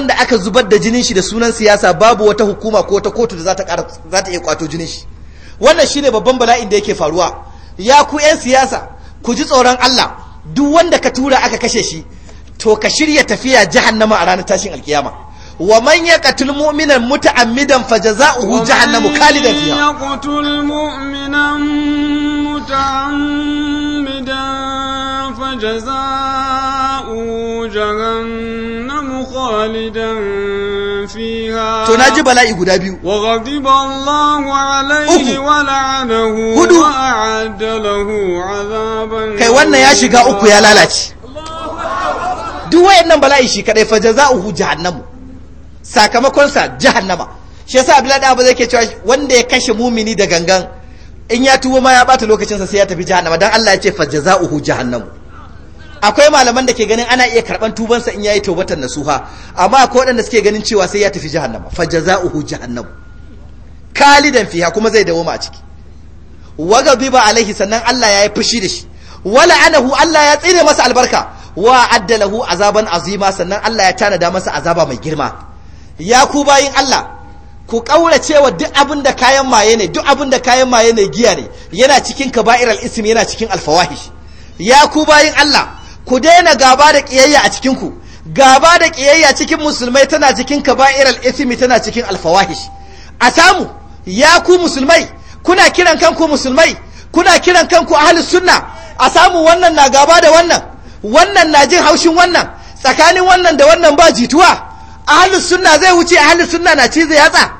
wanda da aka zubar da jinin shi da sunan siyasa babu wata hukuma ko wata kotu da za ta iya kwato jinin shi wannan shine babban bala'in da yake faruwa ya ku 'yan siyasa ku ji tsoron Allah duk wanda ka tura aka kashe shi to ka shirya tafiya jahannama a ranar tashin alkiyama wa يقتل مؤمنا متعمدا فجزاؤه جهنم خالدا فيها ومن يقتل مؤمنا متعمدا فجزاؤه khalidan fiha to bala'i guda biyu wa ghadiba Allahu alayhi wa la'anahu hudu wa a'adda lahu kai wannan ya shiga uku ya lalace duk wayannan bala'i shi kadai fa jaza'uhu jahannamu sakamakon sa jahannama shi yasa Abdullahi Abu zai ke cewa wanda ya kashe mumini da gangan in ya tuwo ma ya bata lokacin sa sai ya tafi jahannama dan Allah ya ce fa jaza'uhu jahannamu akwai malaman da ke ganin ana iya karban tubansa in ya yayi na nasuha amma akwai waɗanda suke ganin cewa sai ya tafi jahannama fa jazaohu jahannamu kalidan fiha kuma zai dawo ma a ciki waga biba alaihi sannan Allah yayi fushi da shi wala anahu Allah ya tsire masa albarka wa addalahu azaban azima sannan Allah ya tanada masa azaba mai girma ya ku bayin Allah ku kaurace wa duk abin da kayan maye ne duk abin da kayan maye ne giya ne yana cikin kaba'iral ism yana cikin alfawahish ya ku bayin Allah ku daina gaba da ƙiyayya a cikinku gaba da ƙiyayya cikin musulmai tana cikin kaba'iral ismi tana cikin alfawahish a samu ya ku musulmai kuna kiran kanku musulmai kuna kiran kanku ahlus sunna a samu wannan na gaba da wannan wannan na jin haushin wannan tsakanin wannan da wannan ba jituwa ahlus sunna zai wuce ahlus sunna na cize yatsa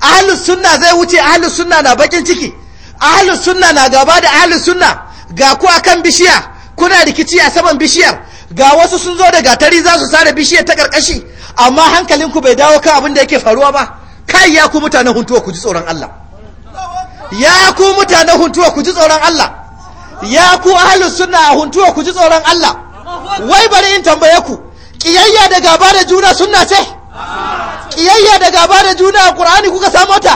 ahlus sunna zai wuce ahlus sunna na bakin ciki ahlus sunna na gaba da ahlus sunna ga ku akan bishiya kuna rikici a saman bishiyar ga wasu sun zo da gatari za su sare bishiyar ta karkashi amma hankalinku bai dawo kan abin da yake faruwa ba kai ya ku mutanen huntuwa ku ji tsoron Allah ya ku mutanen huntuwa ku ji tsoron Allah ya ku ahlus sunna a huntuwa ku ji tsoron Allah wai bari in tambaye ku kiyayya da gaba da juna sunna ce kiyayya da gaba da juna a Qur'ani kuka samota?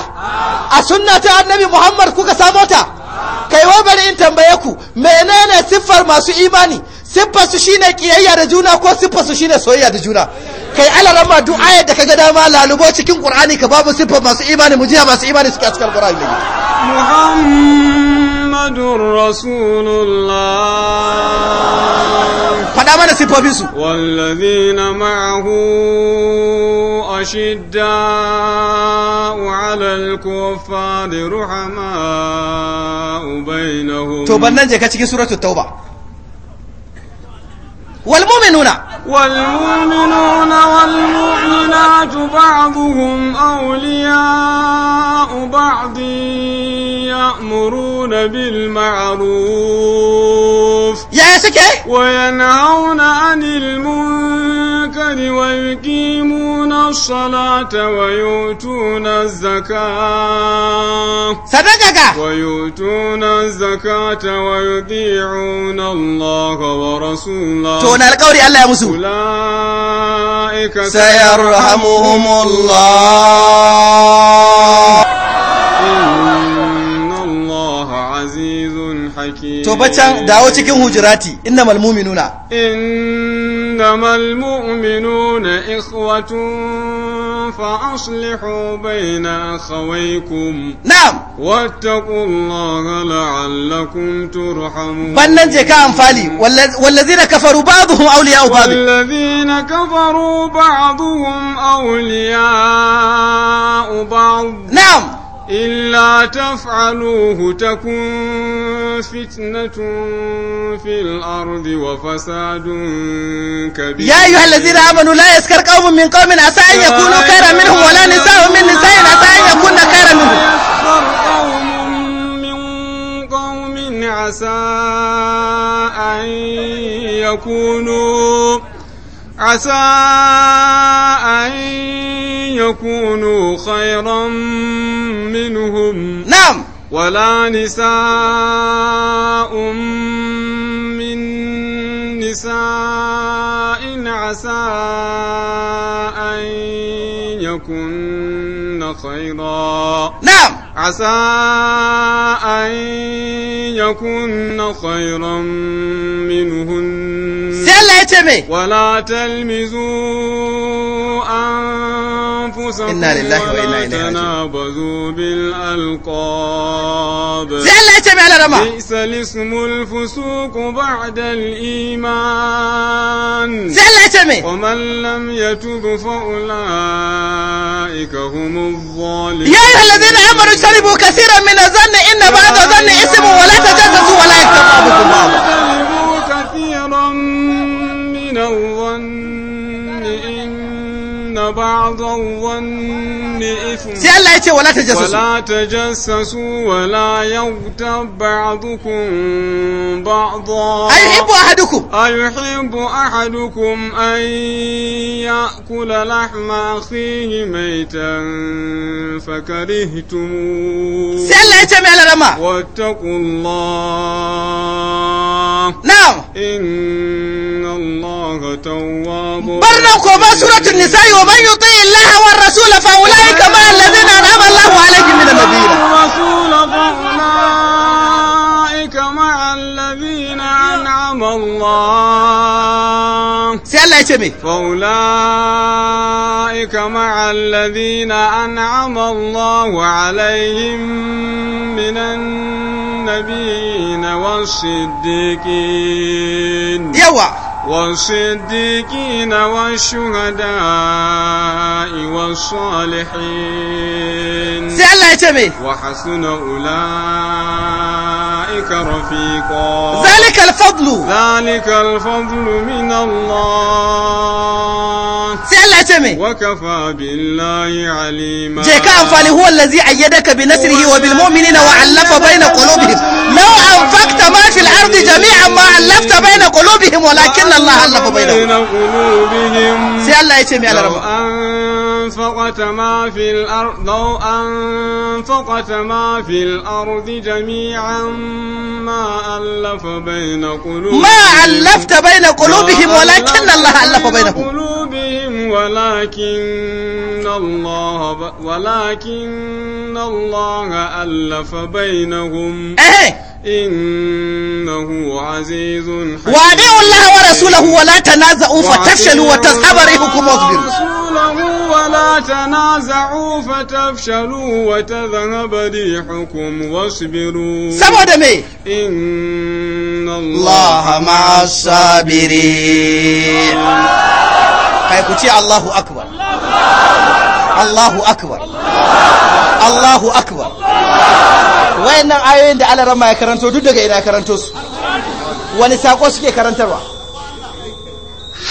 a sunna ta Annabi Muhammad kuka samota? ta tambaye ku menene siffar masu imani siffar su shine kiyayya da juna ko siffar su shine soyayya da juna kai alaran ma duk ayar da kaga dama lalubo cikin qur'ani ka babu siffar masu imani mu jiya masu imani suke a cikin qur'ani muhammadur rasulullah faɗa mana siffofinsu na ma'ahu ashidda'u da ruhama ruhama'u bainahum to bannan je ka cikin suratul tauba والمؤمنون والمؤمنون والمؤمنات بعضهم أولياء بعضين يأمرون بالمعروف يا سكي وينهون عن المنكر ويقيمون الصلاة ويؤتون الزكاة صدقك ويؤتون الزكاة ويطيعون الله ورسوله تونا الله أولئك سيرحمهم الله to bacan dawo cikin hujurati innamal mu'minuna innamal mu'minuna ikhwatun fa aslihu bayna akhawaykum na'am wattaqullaha la'allakum turhamun bannan je ka amfali wallazina kafaru ba'dhum awliya'u ba'd wallazina kafaru ba'dhum awliya'u ba'd na'am إلا تفعلوه تكن فتنة في الأرض وفساد كبير يا أيها الذين آمنوا لا يسكر قوم من قوم عسى أن يكونوا خيرا منهم ولا نساء من نساء عسى أن يكون خيرا منهم عسى أن يكونوا عسى أن يكونوا خيرا منهم نعم ولا نساء من نساء عسى أن يكن خيرا نعم عسى أن يكن خيرا منهن تمي ولا تلمزوا أنفسكم إنا لله وإنا إليه راجعون تنابزوا بالألقاب زعل تمي على رمى بئس الاسم الفسوق بعد الإيمان زعل تمي ومن لم يتوب فأولئك هم الظالمين يا أيها الذين آمنوا اجتنبوا كثيرا من الظن إن بعض الظن اسم ولا تجسسوا ولا يكتب بعضكم بعضا بعض الظن إثم سي الله يتي ولا تجسسوا ولا تجسسوا ولا يغتب بعضكم بعضا أيحب أحدكم أيحب أحدكم أن يأكل لحم أخيه ميتا فكرهتموه سي الله يتي ميلا واتقوا الله نعم إن الله تواب كما سورة النساء ومن يطيع الله والرسول فأولئك مع الذين أنعم الله عليهم من النبيين الرسول فأولئك مع الذين أنعم الله سي الله يسمي فأولئك مع الذين أنعم الله عليهم من النبيين والصديقين يوه والصديقين والشهداء والصالحين سألا يتمي وحسن أولئك رفيقا ذلك الفضل ذلك الفضل من الله سألا يتمي وكفى بالله عليما جيكا أنفالي هو الذي أيدك بنسره وبالمؤمنين وعلف بين قلوبهم لو أنفقت ما في الأرض جميعا ما علفت بين قلوبهم ولكن laula Allah allafa bainahum sai Allah ya ce mai alarma أنفقت ما في الأرض لو أنفقت ما في الأرض جميعا ما ألف بين قلوبهم ما ألفت بين قلوبهم ولكن الله ألف بينهم قلوبهم ولكن الله ب... ولكن الله ألف بينهم أهي. innahu azizun hakim wa da wallahi wa rasuluhu wa la tanaza'u fa tafshalu wa tasabaru hukum azbir rasuluhu wa saboda me innallaha ma'asabirin kai kuci allahu akbar allahu akbar allahu akbar wayannan ayoyin da Allah rama ya karanto duk daga ina karanto su wani sako suke karantarwa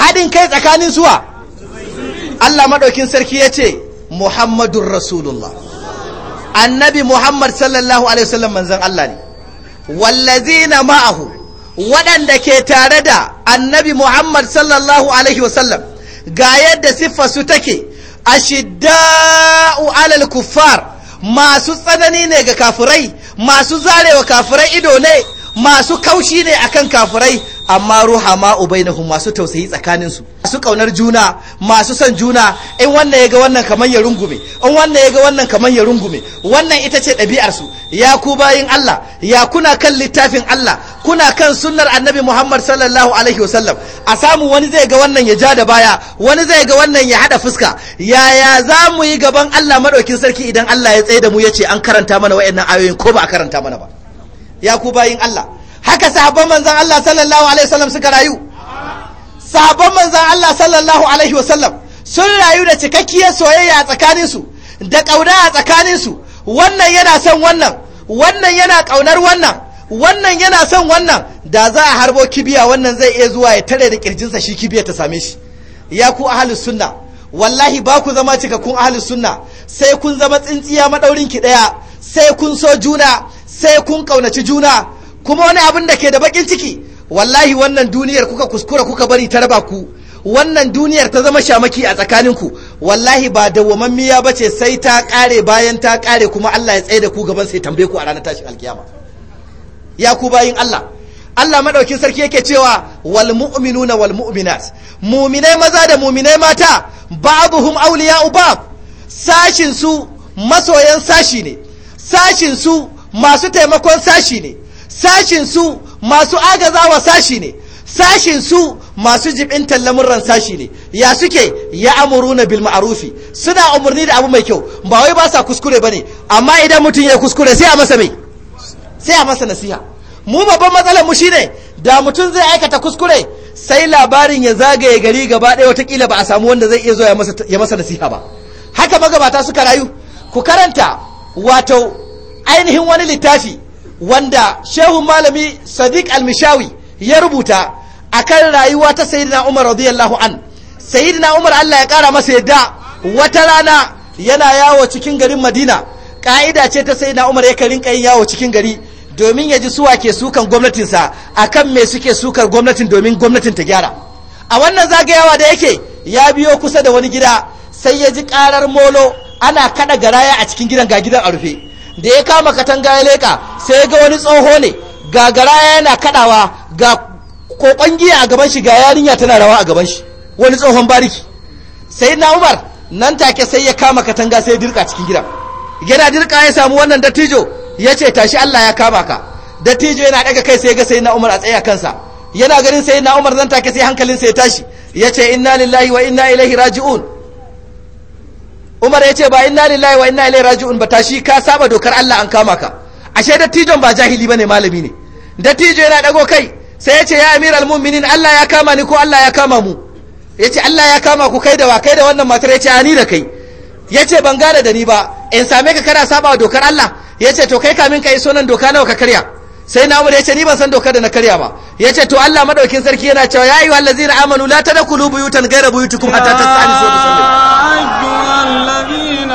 hadin kai tsakanin suwa Allah madaukin sarki yace Muhammadur Rasulullah annabi Muhammad sallallahu alaihi wasallam manzan Allah ne wallazina ma'ahu waɗanda ke tare da annabi Muhammad sallallahu alaihi wasallam ga yadda siffarsu take ashidda'u alal kuffar masu tsanani ne ga kafirai masu zarewa kafirai ido ne masu kaushi ne akan kafirai amma ruha ma ubainahum masu tausayi tsakaninsu masu kaunar juna masu son juna in wannan ya ga wannan kamar ya rungume in wannan ya ga wannan kamar ya rungume wannan ita ce ɗabi'arsu ya ku bayin Allah ya kuna kan littafin Allah kuna kan sunnar annabi Muhammad sallallahu alaihi wasallam a samu wani zai ga wannan ya ja da baya wani zai ga wannan ya hada fuska yaya za mu yi gaban Allah madaukin sarki idan Allah ya tsaye da mu ya ce an karanta mana wa'annan ayoyin ko ba a karanta mana ba ya ku bayin Allah haka sahabban manzon Allah sallallahu alaihi wasallam suka rayu sahabban manzon Allah sallallahu alaihi wasallam sun rayu da cikakkiyar soyayya a tsakanin su da kauna a tsakanin su wannan yana son wannan wannan yana kaunar wannan wannan yana son wannan da za a harbo kibiya wannan zai iya zuwa ya tare da kirjinsa shi kibiya ta same shi ya ku ahlus sunna wallahi ba ku zama cikakkun ahlus sunna sai kun zama tsintsiya madaurin ki daya sai kun so juna sai kun ƙaunaci juna kuma wani abin da ke da bakin ciki wallahi wannan duniyar kuka kuskura kuka bari ta raba ku wannan duniyar ta zama shamaki a tsakaninku wallahi ba wamammiya ba ce sai ta ƙare bayan ta ƙare kuma Allah ya tsaye da ku gaban sai tambaye ku a ranar tashin alkiyama ya ku bayin Allah Allah madaukin sarki yake cewa wal mu'minuna wal mu'minat mu'minai maza da mu'minai mata ba'dhum awliya'u bab sashin su masoyan sashi ne sashin su masu taimakon sashi ne sashin su masu agazawa sashi ne sashin su masu jibin tallamurran sashi ne ya suke ya amuruna bil ma'arufi suna umarni da abu mai kyau ba wai ba sa kuskure ba ne amma idan mutum ya kuskure sai a masa mai sai a masa nasiha mu babban matsalar mu shine da mutum zai aikata kuskure sai labarin ya zagaye gari gaba ɗaya watakila ba a samu wanda zai iya zo ya masa nasiha ba haka magabata suka rayu ku karanta wato ainihin wani littafi wanda shehun malami sadiq al-mishawi ya rubuta a kan rayuwa ta sayyidina umar radiyallahu an sayyidina umar allah ya kara masa yadda wata rana yana yawo cikin garin madina ka'ida ce ta sayyidina umar ya rinka yin yawo cikin gari domin ya ji suwa ke sukan gwamnatinsa akan me suke sukar gwamnatin domin gwamnatin ta gyara a wannan zagayawa da yake ya biyo kusa da wani gida sai ya ji karar molo ana kada garaya a cikin gidan ga gidan a rufe da ya kama katanga ya leka sai ga wani tsoho ne ga gara yana kadawa ga kokon giya a gaban shi ga yarinya tana rawa a gaban shi wani tsohon bariki sai na umar nan take sai ya kama katanga sai dirka cikin gidan yana dirka ya samu wannan dattijo ya ce tashi allah ya kama ka dattijo yana daga kai sai ga sai na umar a tsaye kansa yana ganin sai na umar nan take sai hankalin sai ya tashi ya ce inna lillahi wa inna ilaihi raji'un umar ya ce ba inna lillahi wa inna ilaihi raji'un ba tashi ka saba dokar Allah an kama ka ashe dattijon ba jahili bane malami ne dattijo yana dago kai sai ya ce ya amiral mu'minin Allah ya kama ni ko Allah ya kama mu ya ce Allah ya kama ku kai da wa kai da wannan matar ya ce ani da kai ya ce ban gane da ni ba in same ka kana saba dokar Allah ya ce to kai kamin ka iso nan doka nawa ka karya sai na umar ya ce ni ban san dokar da na karya ba ya ce to Allah madaukin sarki yana cewa ya yi allazina amanu la tadkhulu buyutan ghayra buyutikum hatta tastanisu wa الذين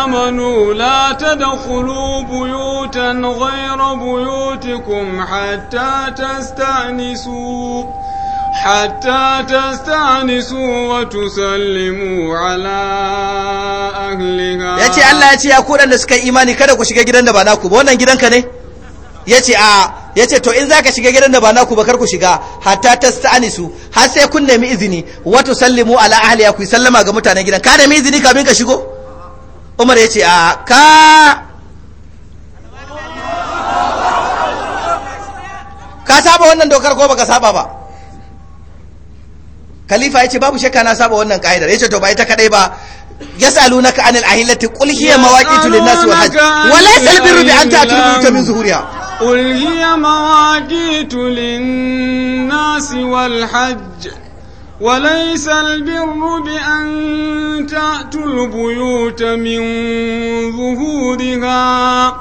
آمنوا لا تدخلوا بيوتا غير بيوتكم حتى تستأنسوا حتى تستأنسوا وتسلموا على أهلها yace Allah yace ya ku da suka imani kada ku shiga gidan da ba naku ba wannan gidanka ne yace a ya ce to in za ka shiga gidan da ba naku ba kar ku shiga hatta ta su har sai kun nemi izini wato sallimu ala ahli ya ku sallama ga mutanen gidan ka nemi izini kamin ka shigo umar ya ce a ka ka saba wannan dokar ko baka saba ba khalifa ya ce babu shakka na saba wannan ka'ida ya ce to ba ita kadai ba yas'alunaka anil ahillati qul hiya mawaqitu lin-nasi wal-hajj wa laysa al-birru bi an ta'tu min zuhuriha قل هي مواقيت للناس والحج وليس البر بأن تأتوا البيوت من ظهورها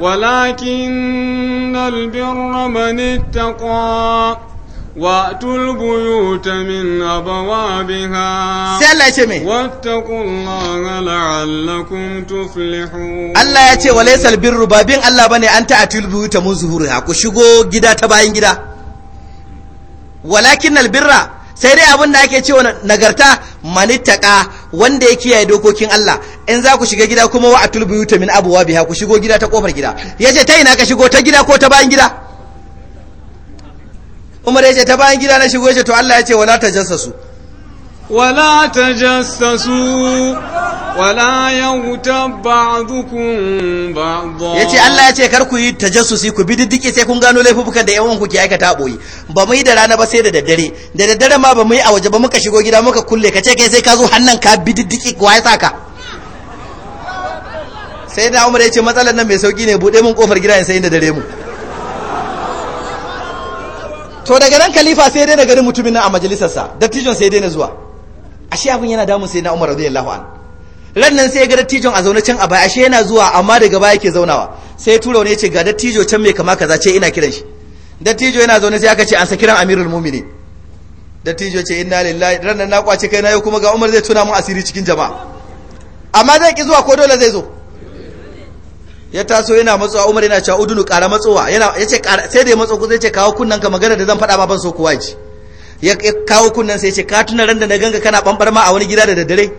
ولكن البر من اتقى وأتوا البيوت من أبوابها واتقوا الله لعلكم تفلحون الله يتي وليس البر بابين الله بني البيوت من ظهورها كشغو جدا تباين جدا ولكن البر sai dai abin da ake cewa nagarta manittaka wanda ya kiyaye dokokin Allah in za ku shiga gida kuma wa atul buyuta min abuwa biha ku shigo gida ta kofar gida yace ta ina ka shigo ta gida ko ta bayan gida umar ya ce ta bayan gida na shigo ya ce to Allah ya ce wala ta jassasu wala ta jassasu wala yaghtab ba'dukum ba'dha yace Allah yace kar ku yi tajassusi ku bi diddike sai kun gano laifukan da yawan ku ke aikata boye ba mu yi da rana ba sai da daddare da daddare ma ba mu yi a waje ba muka shigo gida muka kulle ka ce kai sai ka zo hannan ka bi diddike wa ya saka sai da Umar yace matsalar nan mai sauki ne bude mun kofar gida sai da dare mu to daga nan khalifa sai dai na gari mutumin nan a majalisarsa dattijon sai dai na zuwa ashe abin yana damun sai na umar radiyallahu an ran nan sai ya ga dattijon a zaune can a baya ashe yana zuwa amma daga baya yake zaunawa sai tura wani ya ce ga dattijo can mai kama kaza ce ina kiran shi dattijo yana zaune sai aka ce an sa kiran amirul mu'minin dattijo ce inna lillahi ran nan na kwace kai na yau kuma ga umar zai tuna mun asiri cikin jama'a amma zai ki zuwa ko dole zai zo ya taso yana matsuwa Umar yana cewa udunu ƙara matsuwa yana ya ce sai da ya matso ku zai ce kawo kunnan ka magana da zan faɗa ma ban so kowa ji ya kawo kunnan sai ya ce ka tuna ran da na ganga kana bambar ma a wani gida da daddare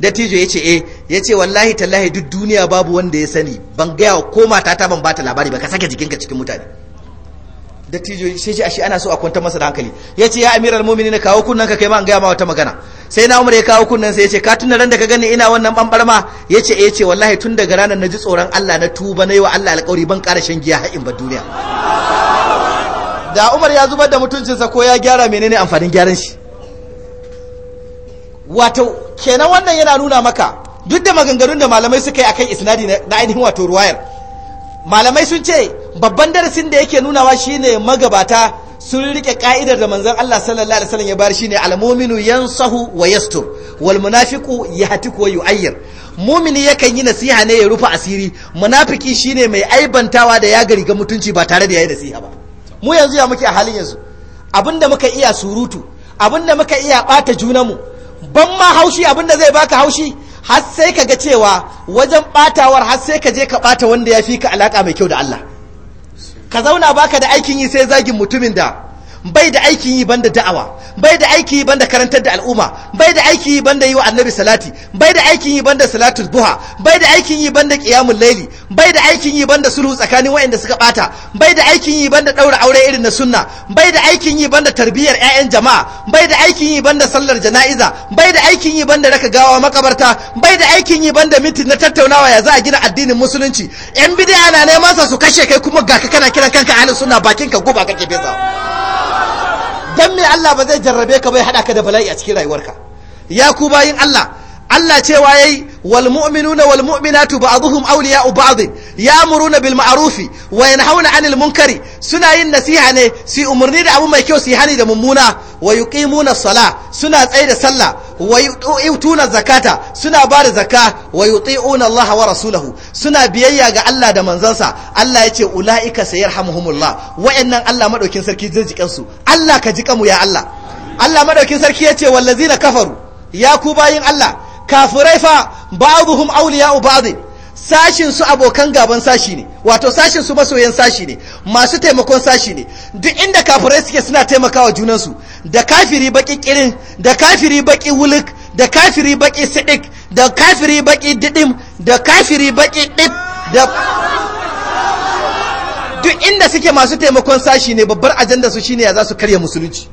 dattijo ya ce eh ya ce wallahi tallahi duk duniya babu wanda ya sani ban gaya wa ko ta ban bata labari ba ka sake jikinka cikin mutane dattijo sai ce ashe ana so a kwantar masa da hankali ya ce ya al mumini kawo kunnen ka kai ma an gaya ma wata magana sai na umar ya kawo kunnan sai ya ce ka tuna ran da ka gani ina wannan bambar ma ya ce eh, ya ce wallahi tun daga ranar na ji tsoron Allah na tuba na yi wa Allah alƙawari ban ƙara shan giya ha'in ba duniya da umar ya zubar da mutuncinsa ko ya gyara menene amfanin gyaran shi wato kenan wannan yana nuna maka duk da maganganun da malamai suka yi akan isnadi na ainihin wato ruwayar malamai sun ce babban darasin da yake nunawa shine magabata sun rike ka'idar da manzon Allah sallallahu alaihi wasallam ya bar shine al-mu'minu yansahu wa yastur wal munafiqu yahtiku wa yu'ayyir mumini yakan yi nasiha ne ya rufe asiri munafiki shine mai aibantawa da ya ga mutunci ba tare da yayi nasiha ba mu yanzu ya muke a halin yanzu abinda muka iya surutu abinda muka iya bata junanmu ban ma haushi abinda zai baka haushi har sai ka ga cewa wajen batawar har sai ka je ka bata wanda ya fi ka alaka mai kyau da Allah ka zauna baka da aikin yi sai zagin mutumin da bai da aikin yi banda da'awa bai da aikin yi banda karantar da al'umma bai da aikin yi banda yi wa annabi salati bai da aikin yi banda salatul duha bai da aikin yi banda qiyamul laili bai da aikin yi banda sulhu tsakanin waɗanda suka bata bai da aikin yi banda daura aure irin na sunna bai da aikin yi banda tarbiyyar ƴaƴan jama'a bai da aikin yi banda sallar jana'iza bai da aikin yi banda raka gawa makabarta bai da aikin yi banda mintin na tattaunawa ya za a gina addinin musulunci yan bid'a na neman sa su kashe kai kuma ga ka kana kiran kanka ahlus sunna bakin ka guba kake bezawa dan me Allah ba zai jarrabe ka bai hada ka da bala'i a cikin rayuwarka ya ku bayin Allah Allah cewa yayi wal mu'minuna wal mu'minatu ba'dhum awliya'u ba'd ya'muruna bil ma'rufi wa yanhauna 'anil munkari suna yin nasiha ne suyi umarni da abu mai kyau su hani da mummuna wa yuqimuna sala suna tsaye da sallah wa yu'tuna zakata suna ba da zaka wa yuti'una Allah wa rasulahu suna biyayya ga Allah da manzansa Allah yace ulaika sayarhamuhumullah wa'annan Allah madaukin sarki zai jikan su Allah ka jika mu ya Allah Allah madaukin sarki yace wallazina kafaru ya ku bayin Allah kafirai fa ba'dhum awliya'u ba'd sashin su abokan gaban sashi ne wato sashin su masoyan sashi ne masu taimakon sashi ne duk inda kafirai suke suna taimakawa junansu da kafiri baki kirin da kafiri baki wuluk da kafiri baki sidik da kafiri baki didim da kafiri baki dip da duk inda suke masu taimakon sashi ne babbar ajanda su shine ya za su karya musulunci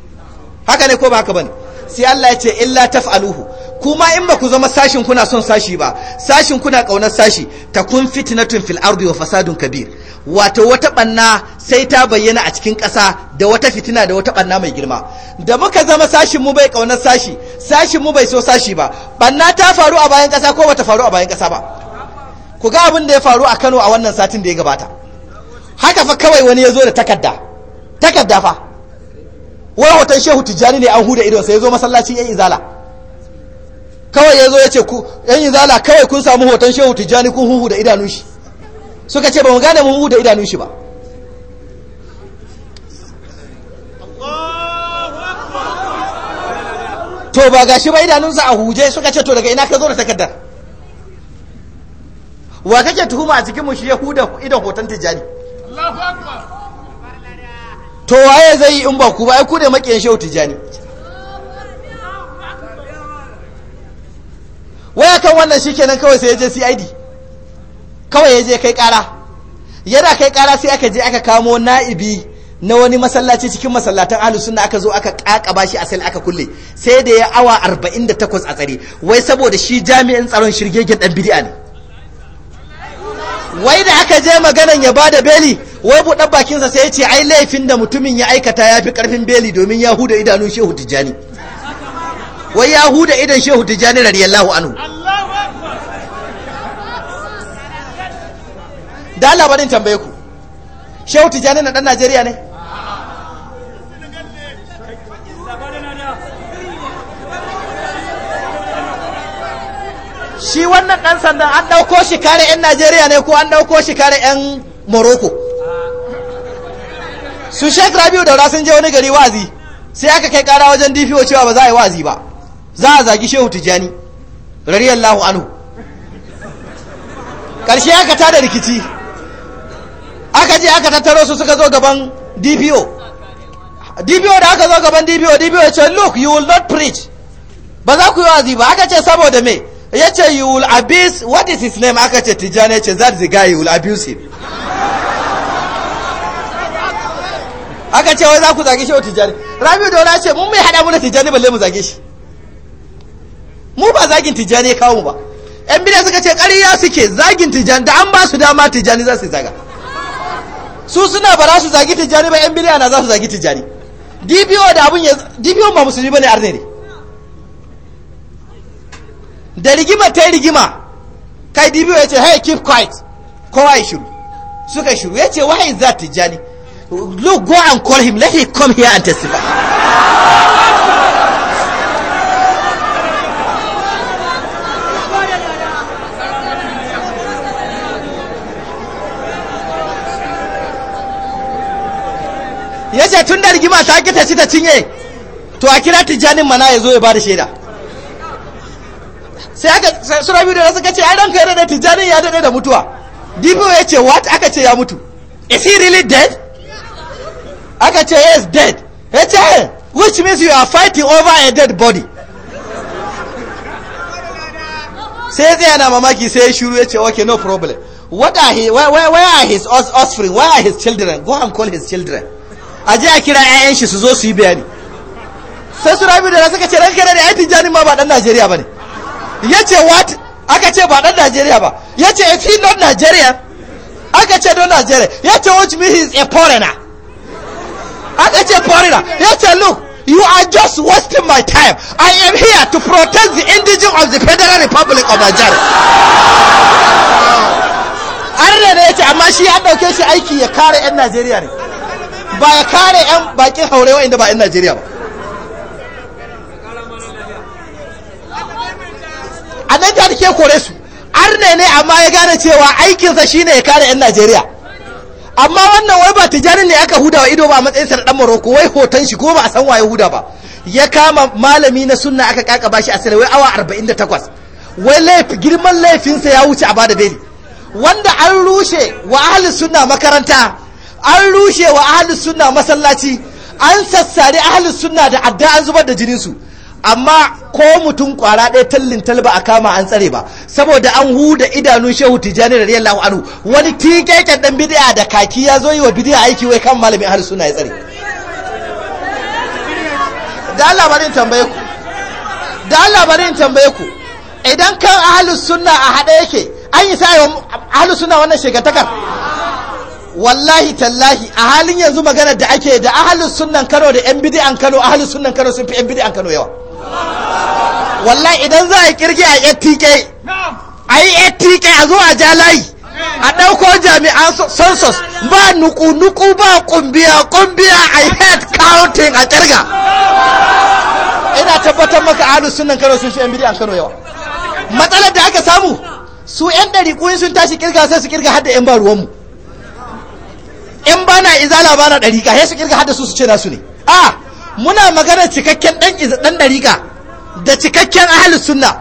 haka ne ko ba haka bane sai Allah ya ce illa taf'aluhu kuma in ba ku zama sashin kuna son sashi ba sashin kuna kaunar sashi ta kun fitnatun fil ardi wa fasadun kabir wato wata banna sai ta bayyana a cikin ƙasa da wata fitina da wata banna mai girma da muka zama sashin mu bai kaunar sashi sashin mu bai so sashi ba banna ta faru a bayan ƙasa ko bata faru a bayan ƙasa ba ku ga abin da ya faru a Kano a wannan satin da ya gabata haka fa kawai wani ya zo da takarda takarda fa wai hoton Shehu Tijjani ne an huda idon sai ya zo masallaci ya izala kawai ya zo ya ce ku yan zala kawai kun samu hoton shehu tijjani kun huhu da idanun shi suka ce ba mu gane mu huhu da idanun shi ba to ba ga shi ba idanunsa a huje suka ce to daga ina ka zo da takardar wa kake tuhuma a cikin mu shi da idan hoton tijjani to waye zai yi in ba ku ba ai ku ne makiyan shehu tijjani waya kan wannan shikenan kawai sai ya je CID kawai ya je kai kara yana kai kara sai aka je aka kamo na'ibi na wani masallaci cikin masallatan ahlus sunna aka zo aka kakaba shi a aka kulle sai da ya awa 48 a tsare wai saboda shi jami'in tsaron shirgegen dan bid'a ne wai da aka je maganan ya bada beli wai bakin bakinsa sai ya ce ai laifin da mutumin ya aikata ya fi ƙarfin beli domin ya huda idanun shehu tijjani wai ya huda idan shehu tijjani radiyallahu anhu da labarin tambaye ku shehu tijjani na dan najeriya ne shi wannan dan sandan an dauko shi kare yan najeriya ne ko an dauko shi kare yan morocco su sheik rabiu daura sun je wani gari wazi sai aka kai kara wajen dpo cewa ba za a yi wazi ba za a zagi shehu tijjani radiyallahu anhu ƙarshe aka tada rikici aka je aka tattaro su suka zo gaban dpo dpo da aka zo gaban dpo dpo ya ce look you will not preach ba za ku yi wazi ba aka ce saboda me ya ce you will abuse what is his name aka ce tijjani ya ce that the guy you will abuse him aka ce wai za ku zage shi wa tijjani rabi dole ya ce mun mai hada mu da tijjani balle mu zage shi mu ba zagin tijjani ya kawo mu ba yan bidiya suka ce ƙarya suke zagin tijjani da an ba su dama tijjani za su zaga su suna ba za su zagi tijjani ba yan bidiya na za su zagi tijjani dbo da abun ya dbo ba musulmi bane arne ne da rigima ta rigima kai dbo ya ce hey keep quiet kowa ya shiru suka shiru ya ce why is that tijjani look go and call him let him come here and testify ya ce tun da rigima ta ki ta ci ta cinye to a kira tijjanin mana ya zo ya ba da shaida sai aka sura biyu da suka ce ai ranka ya da tijjanin ya dade da mutuwa dpo ya ce what aka ce ya mutu is he really dead aka ce yes dead ya ce which means you are fighting over a dead body sai zai yana mamaki sai ya shuru ya ce okay no problem what are he, where, where, where are his offspring where are his children go and call his children a ji a kira 'ya'yan shi su zo su yi bayani sai su rabi da suka ce ɗan kana da 'yan janin ma ba dan Najeriya ba ne. Ya ce what aka ce ba dan Najeriya ba Ya ce if he not Nigerian aka ce don ya ce what means he is a foreigner aka ce foreigner Ya ce look you are just wasting my time i am here to protect the indigenous of the federal republic of Nigeria an da ce amma shi ya dauke shi aiki ya kare yan Najeriya ne ba ya kare 'yan bakin haure inda ba 'yan najeriya ba a nan ta ke kore su arne ne amma ya gane cewa aikinsa shine ya kare 'yan najeriya amma wannan wai ba tijani ne aka huda wa ido ba a matsayinsa na dan maroko wai hoton shi ko ba a san waye huda ba ya kama malami na sunna aka kaka bashi asali wai awa 48 wai laifi girman laifinsa ya wuce a bada beli wanda an rushe wa ahli sunna makaranta an rushe wa ahlus sunna masallaci an sassare ahlus sunna da adda an zubar da jininsu amma ko mutum kwara ɗaya tallin talba a kama an tsare ba saboda an huda idanun shehu tijjani da riyar anu wani tiƙeƙen ɗan bidiya da kaki ya zo yi wa bidiya aiki wai kan malamin ahlus sunna ya tsare da Allah tambaye ku idan kan ahlus sunna a haɗe yake an yi sa ahlus sunna wannan shegantakar wallahi tallahi a halin yanzu magana da ake da ahalin sunan Kano da yan an Kano ahalin sunan Kano sun fi yan an Kano yawa wallahi idan za a kirge a ATK a yi ATK a zo a ja layi a ɗauko jami'an census ba nuku-nuku ba kumbiya kumbiya a head counting a kirga ina tabbatar maka ahalin sunan Kano sun fi yan an Kano yawa matsalar da aka samu su yan ɗari sun tashi kirga sai su kirga har da yan ba ruwanmu in ba na izala ba na ɗariƙa ya su kirga hada su su ce nasu ne a muna magana cikakken ɗan ɗarika ɗariƙa da cikakken ahalus sunna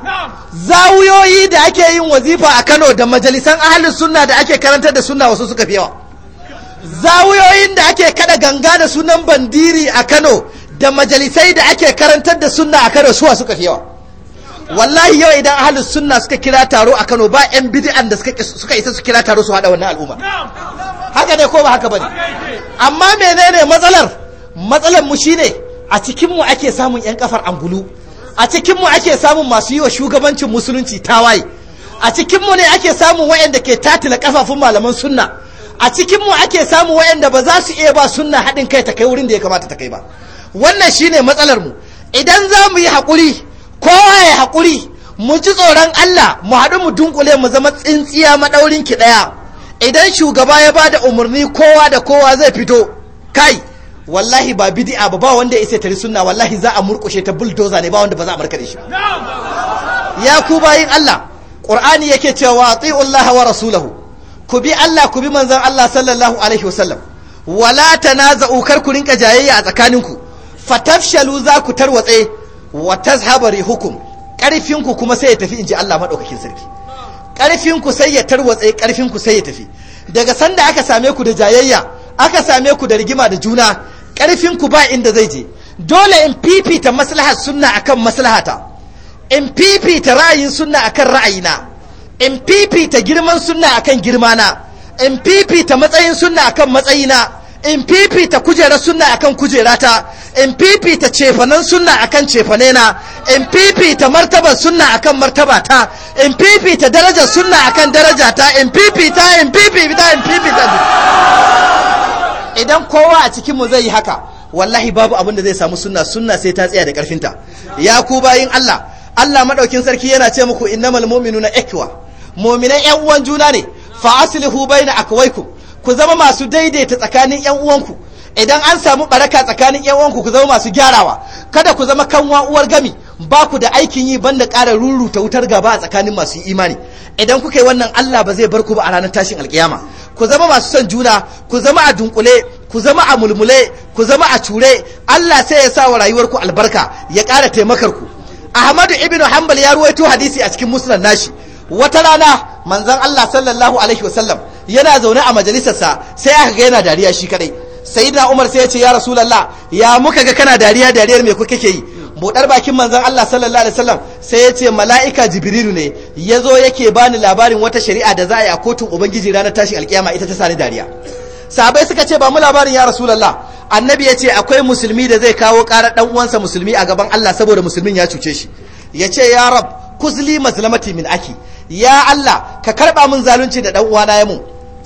zawuyoyi da ake yin wazifa a kano da majalisan ahalus sunna da ake karantar da sunna wasu suka fi yawa zawuyoyin da ake kada ganga da sunan bandiri a kano da majalisai da ake karantar da sunna a kano suwa suka fi yawa wallahi yau idan ahalus sunna suka kira taro a kano ba 'yan bid'an da suka isa su kira taro su haɗa wannan al'umma haka ne ko ba haka bane amma menene matsalar matsalar mu shine a cikin mu ake samun yan kafar angulu a cikin mu ake samun masu yi wa shugabancin musulunci tawaye a cikin mu ne ake samun waɗanda ke tatila kafafun malaman sunna a cikin mu ake samun wayanda ba za su iya ba sunna haɗin kai ta kai wurin da ya kamata ta kai ba wannan shine matsalar mu idan za mu yi hakuri kowa ya hakuri mu ji tsoron Allah mu haɗu mu dunkule mu zama tsintsiya maɗaurin ki ɗaya idan shugaba ya ba da umarni kowa da kowa zai fito kai wallahi ba bidi'a ba ba wanda ya isa tari sunna wallahi za a murkushe ta bulldozer ne ba wanda ba za a markade shi ya ku bayin Allah Qur'ani yake cewa atiullaha wa rasulahu ku bi Allah ku bi manzon Allah sallallahu alaihi wasallam wala tanaza'u kar ku rinka jayayya a tsakaninku fatafshalu za ku tarwatse wa hukum. Ƙarfin ku kuma sai ya tafi inji Allah madaukakin sarki ƙarfin ku sai ya tarwatse ƙarfin ku sai ya tafi daga sanda aka same ku da jayayya aka same ku da rigima da juna ƙarfin ku ba inda zai je dole in fifita maslahar sunna akan maslahata in fifita ra'ayin sunna akan ra'ayina in fifita girman sunna akan girmana in fifita matsayin sunna akan matsayina in fifita kujera suna akan kujerata in fifita cefanen sunna akan na. in fifita martabar suna akan martabata in fifita darajar suna akan darajata in fifita in fifita in fifita idan kowa a cikinmu zai yi haka wallahi babu abin da zai samu suna, suna sai ta tsaya da karfinta ya ku bayin Allah Allah madaukin sarki yana ce muku innamal mu'minuna ikwa mu'minan yan uwan juna ne fa aslihu baina akwaikum ku zama masu daidaita tsakanin yan uwanku idan an samu baraka tsakanin yan uwanku ku zama masu gyarawa kada ku zama kanwa uwar gami ba ku da aikin yi banda ƙara ta wutar gaba a tsakanin masu imani idan kuka yi wannan Allah ba zai bar ku ba a ranar tashin alkiyama ku zama masu son juna ku zama a dunkule ku zama a mulmule ku zama a ture Allah sai ya sa wa rayuwarku albarka ya ƙara taimakar ku Ahmadu ibn Hanbal ya ruwaito hadisi a cikin musnad nashi wata rana manzon Allah sallallahu alaihi wasallam yana zaune a majalisarsa sai aka ga yana dariya shi kadai na umar sai ya ce ya rasulullah ya muka ga kana dariya dariyar me ke yi buɗar bakin manzan Allah sallallahu alaihi wasallam sai ya ce mala'ika jibrilu ne ya zo yake bani labarin wata shari'a da za a yi a kotun ubangiji ranar tashin alkiyama ita ta sani dariya sahabai suka ce ba mu labarin ya rasulallah annabi ya ce akwai musulmi da zai kawo ƙara dan uwansa musulmi a gaban Allah saboda musulmin ya cuce shi ya ce ya rab kuzli mazlamati min aki ya Allah ka karba min zalunci da dan uwana ya mun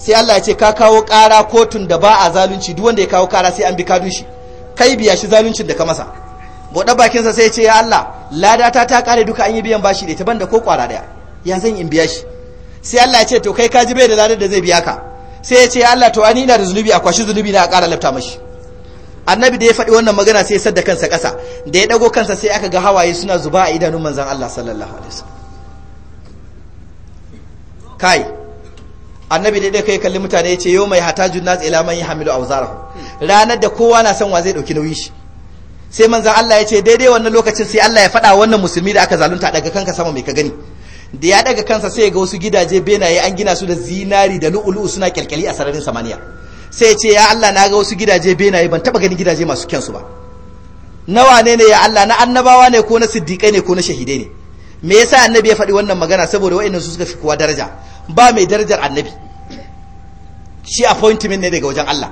sai Allah ya ce ka kawo kara kotun da ba a zalunci duk wanda ya kawo kara sai an bi kadun shi kai biya shi zaluncin da ka masa buɗe bakinsa sai ya ce ya Allah ladata ta kare duka an yi biyan bashi da ta banda ko ƙwara ɗaya ya zan in biya shi sai Allah ya ce to kai ka ji bai da ladar da zai biya ka sai ya ce Allah to an ina da zunubi a kwashi zunubi na a ƙara lafta mashi annabi da ya faɗi wannan magana sai ya sadda kansa kasa da ya dago kansa sai aka ga hawaye suna zuba a idanun manzon Allah sallallahu alaihi wasallam kai annabi dai dai kai kalli mutane ya ce yau mai hatajun nas ila man hamilu awzarahu ranar da kowa na san wa zai dauki nauyin shi sai manzan Allah ya ce daidai wannan lokacin sai Allah ya faɗa wannan musulmi da aka zalunta daga kanka sama mai ka gani da ya daga kansa sai ga wasu gidaje benaye an gina su da zinari da lu'ulu'u suna kyalkyali a sararin samaniya sai ya ce ya Allah na ga wasu gidaje benaye ban taba ganin gidaje masu kyansu ba nawa ne ne ya Allah na annabawa ne ko na siddiƙai ne ko na shahidai ne me yasa annabi ya faɗi wannan magana saboda wa'annan su suka fi kowa daraja ba mai darajar annabi shi appointment ne daga wajen Allah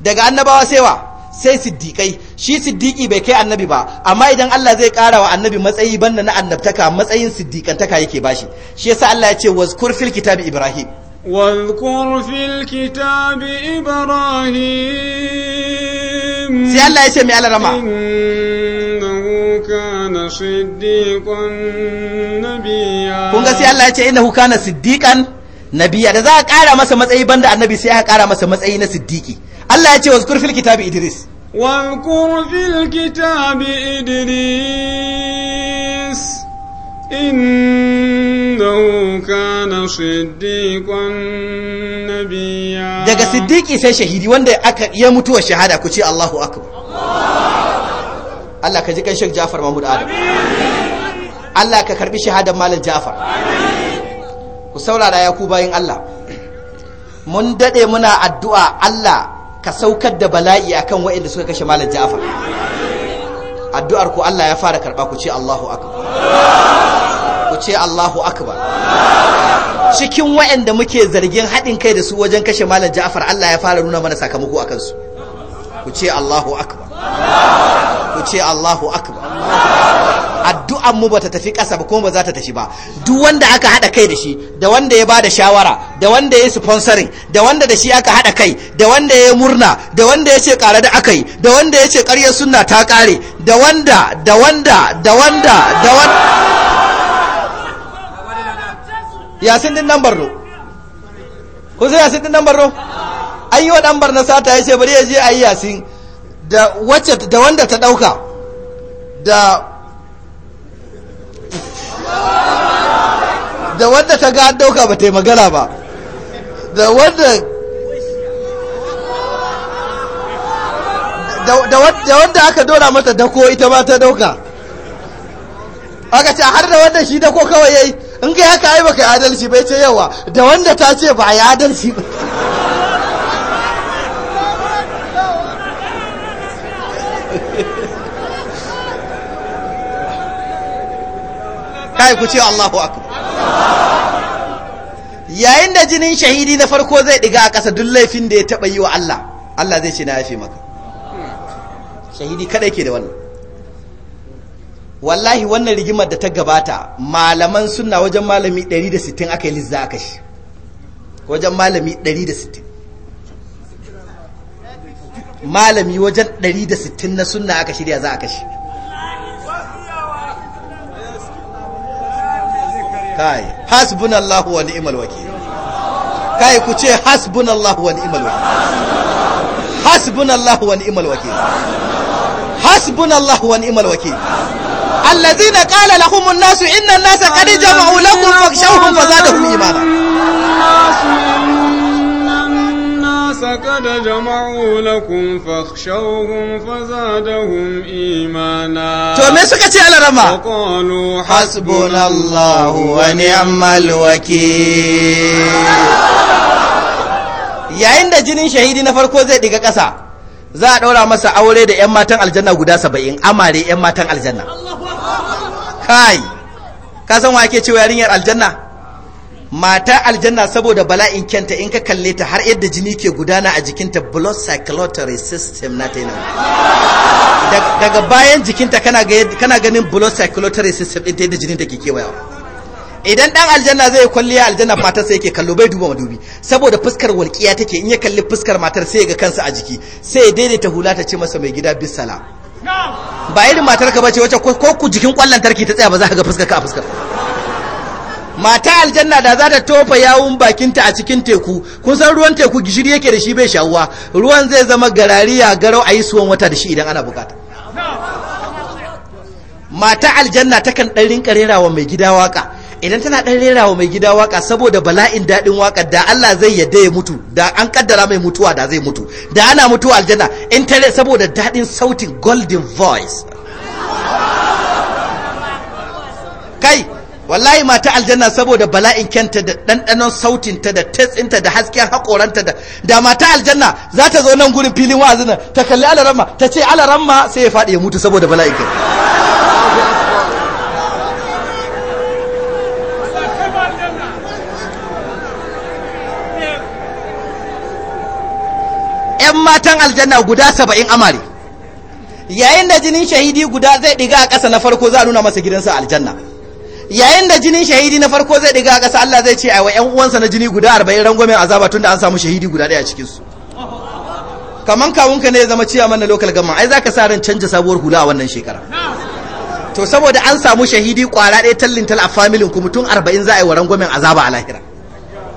daga annabawa saiwa sai siddiƙai shi siddiƙi bai kai annabi ba amma idan Allah zai ƙara wa annabi matsayi banda na annabtaka matsayin siddiƙantaka yake bashi shi yasa Allah ya ce wazkur fil kitabi ibrahim wazkur fil kitabi ibrahim sai Allah ya ce mai alarama siddiqun nabiyya kun ga sai Allah ya ce innahu kana siddiqan nabiyya da za a ƙara masa matsayi banda annabi sai aka kara masa matsayi na siddiqi Allah ya ce wazkur fil kitabi idris واذكر في Idris إدريس إنه kana صديقا Nabiya. daga siddiqi sai shahidi wanda aka ya mutuwa shahada ku ce Allahu akbar Allah ka ji kan Sheikh Jafar Mahmud Adam Allah ka karbi shahadar Malam Jafar ku saurara ya ku bayin Allah mun dade muna addu'a Allah ka saukar da bala'i akan waɗanda suka kashe Malam Jafar addu'ar ku Allah ya fara karba ku ce Allahu akbar ku ce Allahu akbar cikin waɗanda muke zargin haɗin kai da su wajen kashe Malam Jafar Allah ya fara nuna mana sakamako akan su ku ce Allahu akbar ku ce Allahu akbar addu'an mu bata tafi ƙasa ba kuma ba za ta tafi ba duk wanda aka hada kai da shi da wanda ya bada shawara da wanda ya sponsorin da wanda da shi aka hada kai da wanda ya murna da wanda ya ce ƙara da aka yi da wanda ya ce ƙarya sunna ta ƙare da wanda da wanda da wanda da wanda yasin din nan barno ko sai yasin din nan barno ayyo dan barna sata ya ce bari ya je ayi yasin da wacce da wanda ta dauka da da wanda ta ga dauka ba ta yi magana ba da wanda da wanda aka dora mata dako ita ma ta dauka aka ce har da wanda shi dako kawai yayi in kai haka ai baka adalci bai ce yawa da wanda ta ce ba ya adalci ba kai ku ce Allahu akbar yayin da jinin shahidi na farko zai diga a ƙasa duk laifin da ya taba yi wa Allah Allah zai ce na yafe maka shahidi kadai ke da wannan wallahi wannan rigimar da ta gabata malaman sunna wajen malami 160 aka yi lizza aka shi wajen malami 160 malami wajen 160 na sunna aka shirya za a kashe kai hasbunallahu wa ni'mal wakil kai ku ce hasbunallahu wa ni'mal wakil hasbunallahu wa ni'mal wakil hasbunallahu wa ni'mal wakil الناس قد جمعوا لكم فاخشوهم فزادهم إيمانا وقالوا حسبنا الله ونعم الوكيل yayin da jinin shahidi na farko zai diga ƙasa za a ɗaura masa aure da 'yan matan aljanna guda saba'in amare 'yan matan aljanna kai ka san wa ake cewa yarinyar aljanna mata aljanna saboda bala'in kyanta in ka kalle ta har yadda jini ke gudana a jikinta blood circulatory system na ta daga bayan jikinta kana ganin blood circulatory system ɗin ta yadda jini take kewayawa idan dan aljanna zai kwalliya aljanna matar sai yake kallo bai duba madubi saboda fuskar walƙiya take in ya kalli fuskar matar sai ya ga kansa a jiki sai ya daidaita hula ta ce masa mai gida bisala ba irin matar ka bace wacce ko ku jikin kwallon tarki ta tsaya ba za ka ga fuskar ka a fuskar mata aljanna da za ta tofa yawun bakinta a cikin teku kun san ruwan teku gishiri yake da shi bai shawuwa ruwan zai zama garariya garau a yi suwan wata da shi idan ana bukata mata aljanna takan ɗan rinka rerawa mai gida waka idan tana ɗan wa mai gida waka saboda bala'in daɗin waka da Allah zai yadda ya mutu da an kaddara mai mutuwa da zai mutu da ana mutuwa aljanna in tare saboda daɗin sautin golden voice kai wallahi mata aljanna saboda bala'in kyanta da ɗanɗanon sautinta da tetsinta da hasken haƙoranta da da mata aljanna za ta zo nan gurin filin wa'azin nan ta kalli alaramma ta ce alaramma sai ya faɗi ya mutu saboda bala'in kyanta ‘yan matan aljanna guda saba'in amare yayin da jinin shahidi guda zai ɗiga a ƙasa na farko za a nuna masa gidansa aljanna yayin da jinin shahidi na farko zai diga a ƙasa Allah zai ce a wa yanuwansa uwansa na jini guda arba'in rangwamen azaba tun an samu shahidi guda ɗaya cikin su kaman kawunka ne ya zama ciya mana local gama ai zaka sa ran canja sabuwar hula a wannan shekara to saboda an samu shahidi kwara ɗaya tallin tal a familin ku tun arba'in za a yi wa rangwamen azaba a lahira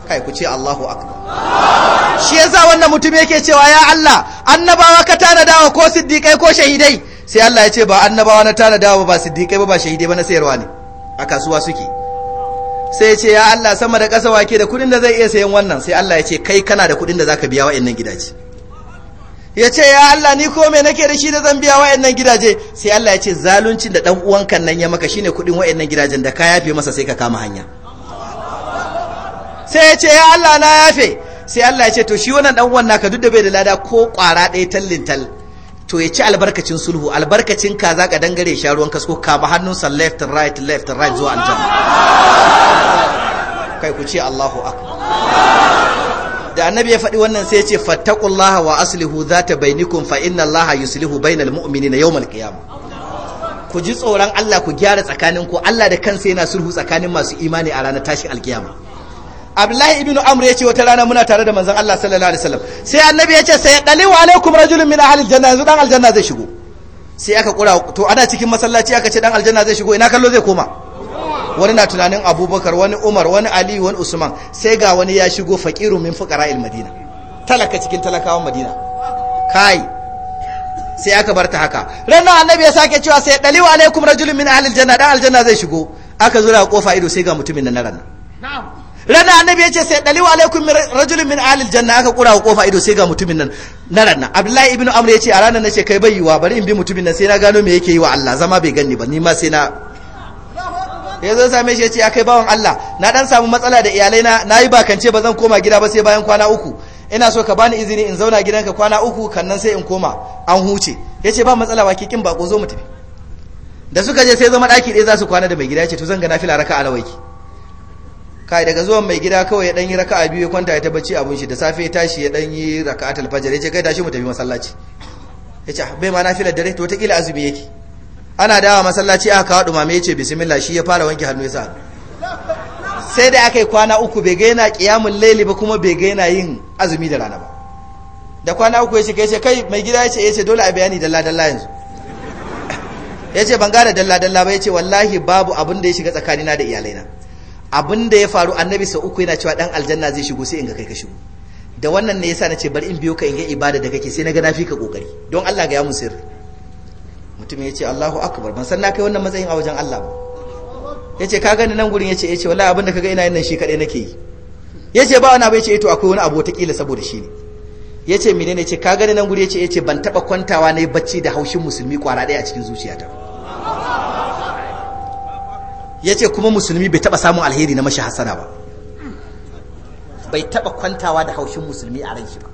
kai ku ce Allahu akbar shi yasa wannan mutum yake cewa ya Allah annabawa ka tanadawa ko siddiƙai ko shahidai sai Allah ya ce ba annabawa na tana dawa ba siddiƙai ba ba shahidai ba na sayarwa ne a kasuwa suke sai ya ce ya Allah sama da ƙasa wake da kudin da zai iya sayan wannan sai Allah ya ce kai kana da kudin da zaka biya wa'annan gidaje ya ce ya Allah ni ko me nake da shi da zan biya wa'annan gidaje sai Allah ya ce zaluncin da dan uwanka nan ya maka shine kudin wa'annan gidajen da ka yafe masa sai ka kama hanya sai ya ce ya Allah na yafe sai Allah ya ce to shi wannan dan uwan naka duk da bai da lada ko kwara ɗaya tallin tal to ya ci albarkacin sulhu albarkacin ka za ka dangare sha ruwan kasko kama hannunsa left right left right zuwa aljanna kai ku ce Allahu da annabi ya faɗi wannan sai ya ce fattaqullaha wa aslihu zata bainakum fa inna Allaha yuslihu bainal mu'minina yawmal qiyamah ku ji tsoron Allah ku gyara tsakanin ku Allah da kansa yana sulhu tsakanin masu imani a ranar tashin alkiyama abdullahi ibnu amr yace wata rana muna tare da manzon Allah sallallahu alaihi wasallam sai annabi ya ce sai dali wa alaikum rajulun min ahli aljanna yanzu dan aljanna zai shigo sai aka kura to ana cikin masallaci aka ce dan aljanna zai shigo ina kallo zai koma wani na tunanin abubakar wani umar wani ali wani usman sai ga wani ya shigo faqiru min fuqara'il madina talaka cikin talakawan madina kai sai aka barta haka ranar annabi ya sake cewa sai dali wa alaikum rajulun min ahli aljanna dan aljanna zai shigo aka zura kofa ido sai ga mutumin nan ran na'am rana annabi ya ce sai wa alaikum rajulun min alil janna aka kura kofa ido sai ga mutumin nan na ranna abdullahi ibnu amr ya ce a ranar nace kai bai yiwa bari in bi mutumin nan sai na gano me yake yi wa Allah zama bai ganni ba ni ma sai na ya zo same shi ya ce ya kai bawan Allah na dan samu matsala da iyalai na nayi bakance ba zan koma gida ba sai bayan kwana uku ina so ka bani izini in zauna gidanka kwana uku kannan sai in koma an huce yace ba matsala wake kin bako zo mu tafi da suka je sai zama daki ɗaya za su kwana da mai gida yace to zan ga nafila raka'a alawaiki kai daga zuwan mai gida kawai ya dan yi raka'a biyu ya kwanta ya ta bacci abun shi da safe ya tashi ya dan yi raka'atul fajr yace kai tashi mu tafi masallaci yace bai ma nafila dare to ta kila azumi yake ana dawa masallaci aka kawo dumame yace bismillah shi ya fara wanke hannu yasa sai da akai kwana uku bai ga yana qiyamul layli ba kuma bai ga yana yin azumi da rana ba da kwana uku yace kai yace kai mai gida yace eh, yace dole a bayani dalla dalla yanzu yace ban gane dalla dalla ba yace wallahi babu abin da ya shiga tsakanina da iyalaina abin da ya faru annabi sau uku yana cewa dan aljanna zai shigo sai in ga kai ka shigo da wannan ne yasa nace bari in biyo ka in ga ibada da kake sai na ga na fi ka kokari don Allah ga ya mun sirri mutum ya ce Allahu akbar ban san na kai wannan matsayin a wajen Allah ba yace ka gani nan gurin yace yace eh wallahi abin da kaga ina yin nan shi kadai nake yi yace ba wani abu yace eh to akwai wani abu ta kila saboda shi ne yace menene yace ka gani nan guri yace yace eh ban taba kwantawa nayi bacci da haushin musulmi kwara daya a cikin zuciyata ya ce kuma musulmi bai taɓa samun alheri na mashi hasana ba bai taɓa kwantawa da haushin musulmi a ranki ba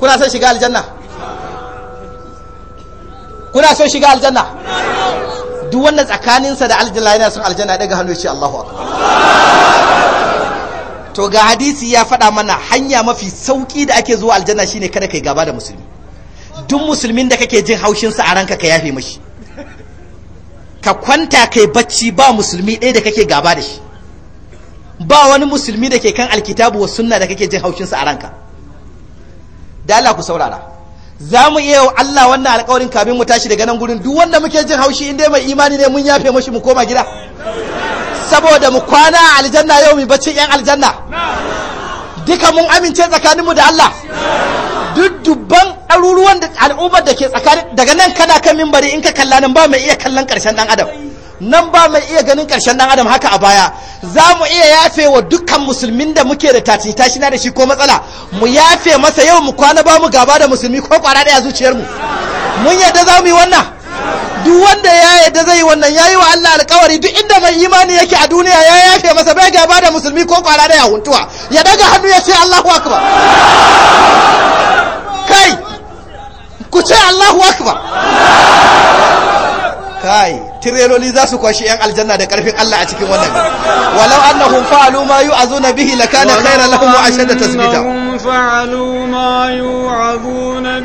kuna son shiga aljanna kuna son shiga aljanna duk wannan tsakaninsa da aljanna yana son aljanna daga hannu ce Allahu to ga hadisi ya faɗa mana hanya mafi sauki da ake zuwa aljanna shine kada kai gaba da musulmi duk musulmin da kake jin haushinsa a ranka ka yafe mashi ka kwanta kai bacci ba musulmi ɗaya da kake gaba da shi ba wani musulmi da ke kan alkitabu wa sunna da kake jin haushinsa a ranka da Allah ku saurara za mu iya yau Allah wannan alƙawarin kamin mu tashi daga nan gurin duk wanda muke jin haushi inda mai imani ne mun yafe mashi mu koma gida saboda mu kwana a aljanna yau mu bacci yan aljanna duka mun amince tsakaninmu da Allah duk dubban ɗaruruwan da al'ummar da ke tsakanin daga nan kana kan mimbari in ka kalla nan ba mai iya kallon ƙarshen ɗan adam nan ba mai iya ganin ƙarshen ɗan adam haka a baya za mu iya yafe wa dukkan musulmin da muke da tashi tashi na da shi ko matsala mu yafe masa yau mu kwana ba mu gaba da musulmi ko kwara ɗaya zuciyar mu mun yadda za mu yi wannan duk wanda ya yadda zai yi wannan ya yi wa Allah alkawari duk inda mai imani yake a duniya ya yafe masa bai gaba da musulmi ko kwara ɗaya huntuwa ya daga hannu ya ce Allahu akbar kai ku ce Allahu akbar kai tireloli za su kwashi yan aljanna da karfin Allah a cikin wannan walau annahum fa'alu ma yu'azuna bihi lakana khayran lahum wa ashadda tasbita fa'alu ma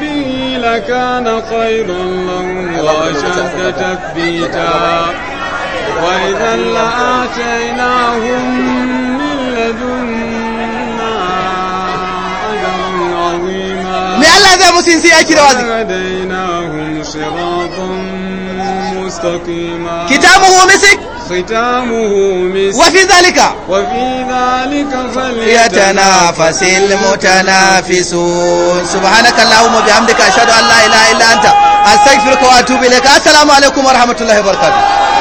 bihi lakana khayran lahum wa ashadda tathbita wa la'atainahum min ladun zai mu sai aiki da wazi kitabuhu misik kitabuhu misik wa fi zalika wa fi zalika falyatanafasil mutanafisun subhanaka allahumma wa bihamdika ashhadu an la ilaha illa anta astaghfiruka wa atubu ilayka assalamu alaikum wa rahmatullahi wa barakatuh